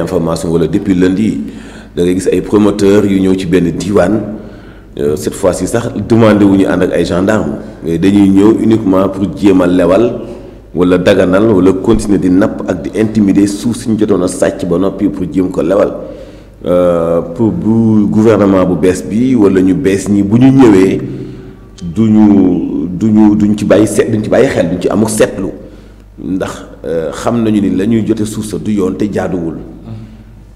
information depuis lundi da gis ay promoteurs yu ñëw ci benn euh, cette fois-ci sax demandé gendarmes mais dañuy ñëw uniquement pour lewal wala daganal wala continuer di napp ak di intimider suuf suñu jotoon a sàcc pour ko euh, pour bu gouvernement bu bi wala ñu bu ñu duñ ci ci xel duñ ci ndax ni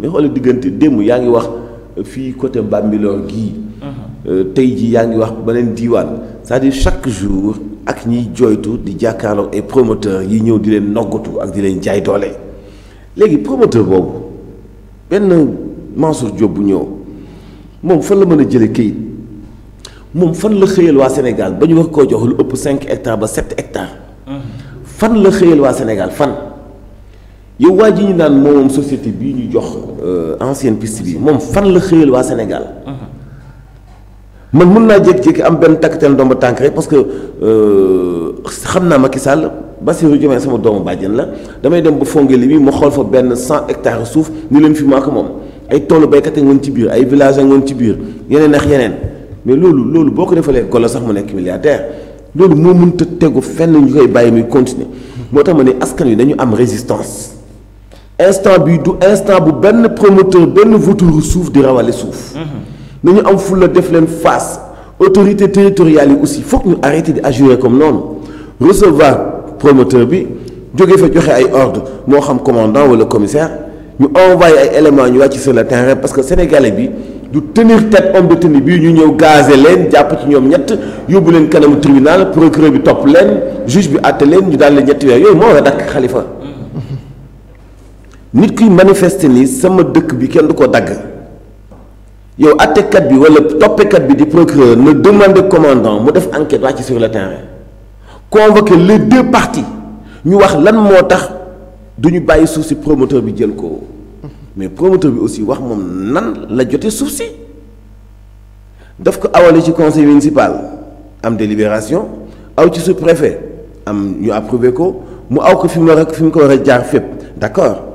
mais xoolal digënté démb yaa ngi wax euh, fi côté Bambilor gii. Uh-huh. Euh, tey jii yaa ngi wax beneen diiwaan c'est-à-dire chaque jour ak ñi jooytu di jàkkaarloog et promoteur yi ñëw di leen noggatu ak di leen jaay doole. légui promoteur bobu ben Mansour Diop bu ñëw mom fan la mëna jëlé jëlee mom fan la xëyal wa Sénégal ba ñu wax ko jox lu ëpp 5 hectares ba 7 hectares. Uh-huh. fan la xëyal wa Sénégal fan yow waji ñu naan moom société bii ñu jox euh, ancienne piste bi moom fan la xëyal waa Sénégal. Uh-huh. man mën naa jékki-jékki am benn takkateen ndomba tànk rek parce que euh, xam naa Macky Sall Bassirou Diomaye sama doomu bàjjen la damay dem ba li mi mu xool fa benn cent hectares suuf ni leen fi maa ko moom ay toolu béykat a ngoon ci biir ay village a ngoon ci biir yeneen ak yeneen mais loolu loolu boo ko defalee golo sax mu nekk milliardaire loolu moo mënta tegu fenn ñu koy bàyyi muy continuer moo tax ma ne askan wi dañu am résistance instant bi du instant bu ben promoteur ben vautour suuf di rawale suuf. Mhm. nañu am fulla def leen face autorité territoriale aussi faut ñu arrêté de agir comme non recevoir promoteur bi jóge fa joxé ay ordre mo xam commandant wala commissaire ñu envoyé ay éléments ñu wacc sur le terrain parce que sénégalais bi du tenir tête homme de tenue bi ñu ñew gazé leen japp ci ñom ñett yobul leen kanamu tribunal procureur bi top leen juge bi àtte leen ñu daal leen ñetti weer mo moo war nit kuy manifeste ni sama bi du ko dagg yow attekat bi wala bi di procureur demande, commandant mu def enquête sur le terrain convoquer les deux parties ñu wax lan moo du mais promoteur aussi wax nan la daf ko conseil municipal am délibération aw préfet am ñu approuvé ko d'accord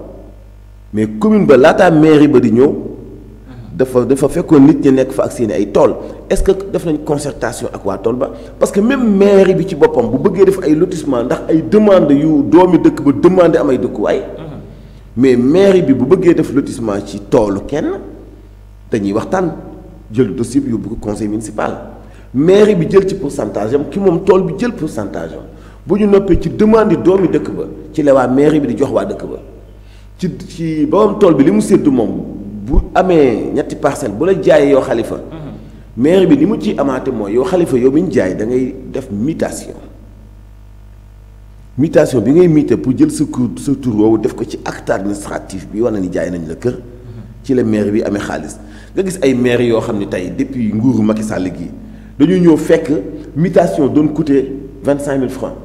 mais commune ba lata mairie ba di ñëw dafa dafa fekkoon nit ñi nek fa ak ay toll est-ce que def nañ concertation ak wa toll ba parce que même mairie bi ci bopam bu bëggee def ay lotissement ndax ay demande yu doomi dëkk ba demande am ay way mmh. mais mairie bi bu bëggee def lotissement ci toolu kenn dañuy waxtaan jël dossier yu bu ko conseil municipal mairie bi jël ci pourcentage ki mom toll bi jël pourcentage am bu ñu noppee ci demande doomi dëkk ba ci la mairie bi di jox wa dëkk ba ci ci borom tool bi li mu séddu moom bu amé ñetti parcelle bu la jaayee yow xalifa mhm. maire bi ni mu ciy amaate mooy yow xalifa yow mi jaay da ngay def mutation mutation bi ngay mité pour jël ce kur sa tur def ko ci acte administratif bi wane ni jaay nañ le kër mhm. ci le maire bi amé xaalis nga gis ay maire yo xamni tay depuis nguuru Macky Sall gii dañu ñëw fekk mutation doon coûter 25000 francs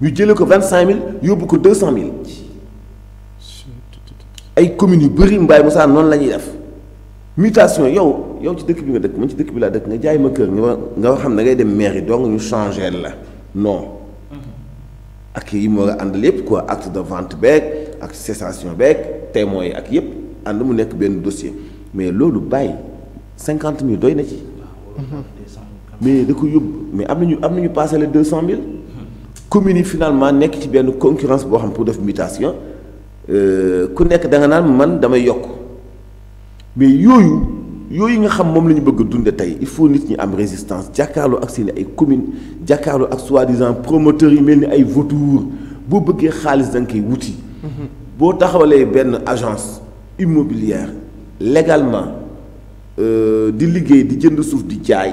ñu jël ko 25000 yobbu ko 200000 ay commune yu bëri Mbaye Moussa noonu la ñuy def mutation yow yow ci dëkk bi nga dëkk man ci dëkk bi laa dëkk nga jaay ma kër nga nga xam ne ngay dem mairie donc ñu changer la non. Mm-hmm. ak yi mo nga àndal yëpp quoi acte de vente beeg ak cessation beeg témoins yi ak yëpp ànd mu nekk benn dossier mais loolu bàyyi cinquante mille doy na ci. Mm-hmm. mais da ko yóbbu mais am nañu am nañu passé les deux cent mille. Mm-hmm. communes yi finalement nekk ci benn concurrence boo xam pour def mutation. Euh, ku nekk da nga naan man damay yokk mais yooyu yooyu nga xam moom la ñu bëgg a dunde tey il faut nit ñi am résistance jàkkaarloo ak seen ay commune jàkkaarloo ak soi-disant promoteurs yi mel ni ay vautours boo bëggee xaalis da nga koy wuti boo taxawalee benn agence immobilière légalement euh, di liggéey di jënd suuf di jaay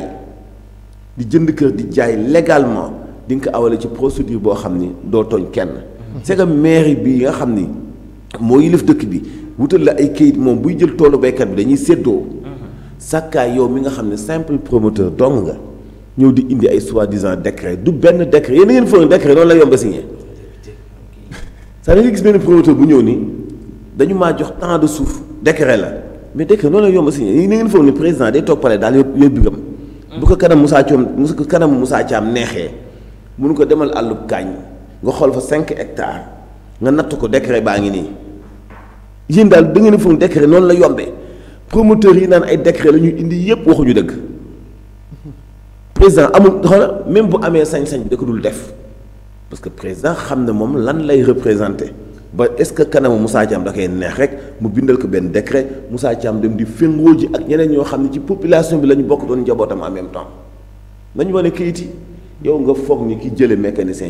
di jënd kër di jaay légalement di nga ko awale ci procédure boo xam ni doo tooñ kenn c'est que mairie bi nga xam ni moo yilif dëkk bi wutal la ay kayit moom buy jël toolu baykat bi dañuy séddoo mhm. sàkkaay yow mi nga xam ne simple promoteur dong nga ñëw di indi ay soi-disant décret du benn décret yéen a ngeen foog la yomb a signé saa nga bu ñëw ni dañu maa jox temps de suuf décret la mais décret noonu la yomb a signé yéen a ngeen foog ni président day toog pare daal yóbbu yóbbu bigam mhm. bu ko kanam Moussa Thiam bu ko kanam Moussa Thiam neexee mënu ko demal àllub kaañ nga xool fa cinq hectares. nga natt ko décret baa ngi nii yéen daal da décret noonu la promoteurs yi ay décret la ñu indi président même bu amee sañ-sañ parce que président ne lan lay représenté ba est-ce que Moussa Thiam da koy neex rek mu bindal ko décret Moussa Thiam dem di ak ñeneen ci population bi la en même temps nañu wane kayit yow nga foog ni ki jële mécanicien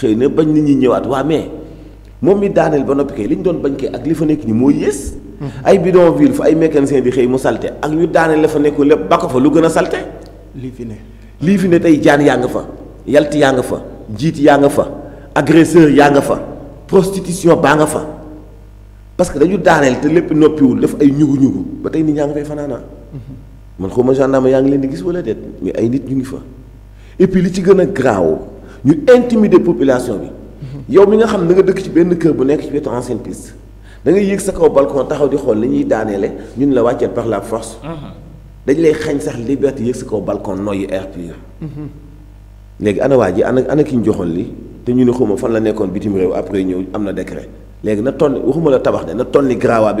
xëy na bañ nit ñi ñëwaat waa mais moom mi daaneel ba noppi kay li ñu doon bañ kay ak li fa nekk nii mooy yées. ay bidonville fa ay mécanicien di xëy mu salte ak ñu daaneel la fa nekk lépp ba ko fa lu gën a salte lii fi ne lii fi ne tey jaan yaa nga fa yalt yaa nga fa jiit yaa nga fa agresseur yaa nga fa prostitution baa nga fa parce que dañu daaneel te lépp noppiwul def ay ñugu-ñugu ba tey nit ñaa nga fay fanaanaa mhm. man xaw ma gendarme yaa ngi leen di gis wala déet ay nit ñu fa et li ci gën a graaw Nous intimider population bi. yow mi nga xam nga dëkk ci benn kër bu nekk ci wetu ancienne piste da balcon taxaw di xool li ñuy ñun la par la force. dañ lay xañ sax liberté sa kaw balcon air pur. léegi ana waa ana ana nous ne xuma fan la après décret na la de na grawa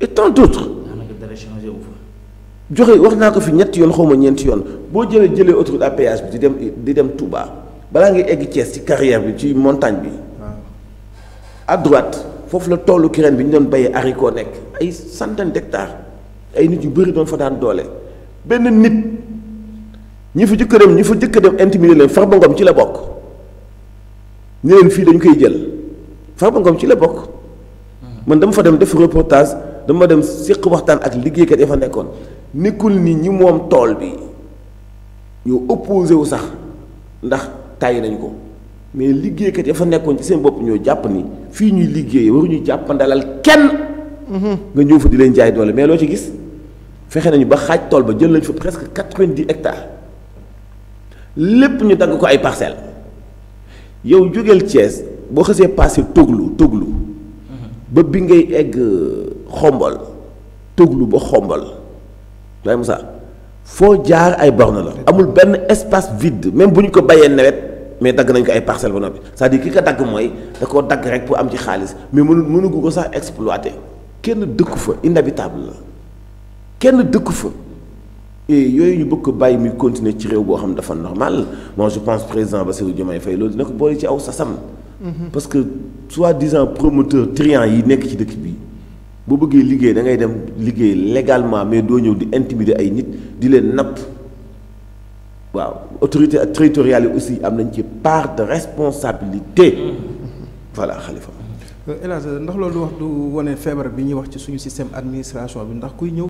et tant d'autres joxe wax naa ko fi ñett yoon xaw ñent yoon bo jëlé jëlé autoroute à péage bi di dem di dem Touba balaa ngay egg Thiès ci carrière bi ci montagne bi. Ah. à droite foofu la toolu kireen bi ñu doon baye haricot nek ay centaine d'hectares ay nit yu bari doon fa daan doole ben nit ñi fi jëkk dem ñi fa jëkk dem intimider leen Farba Ngom ci la bok ne leen fii dañ koy jël Farba Ngom ci la bok hmm. man dama fa dem def reportage dama dem séq waxtaan ak liggéey liggéeykat ya fa nekkoon nekkul ni ñi moom tool bi ñoo opposé wu sax ndax nañ ko mais les ya fa nekkoon ci seen bopp ñoo jàpp ni fii ñuy liggéey waruñu kenn. nga ñëw fa di leen jaay doole mais loo ci gis fexe nañu ba xaaj tool ba jël nañ fa presque quatre hectares lépp ñu dagg ko ay yow passé Toglu Toglu. Mhm. ba bi egg euh, Toglu ba il Moussa foo jaar espace vide même si on ko bàyyee mais il nañ ko c'est-à-dire que pour am ci mais ko sax exploité kenn inhabitable la kenn dëkku fa yooyu ñu de ko bàyyi continuer normal je pense président le président Faye mhm. parce que soi-disant promoteur triant yi ci boo bëggee liggéey da ngay dem liggéey légalement mais doo ñëw di intimider ay nit di leen napp waaw autorité ak territoriale yi aussi am nañ ci part de responsabilité. voilà Khalifa. Euh, El Hadj ndax loolu wax du wane feebar bi ñuy wax ci suñu système administration bi ndax kuy ñëw.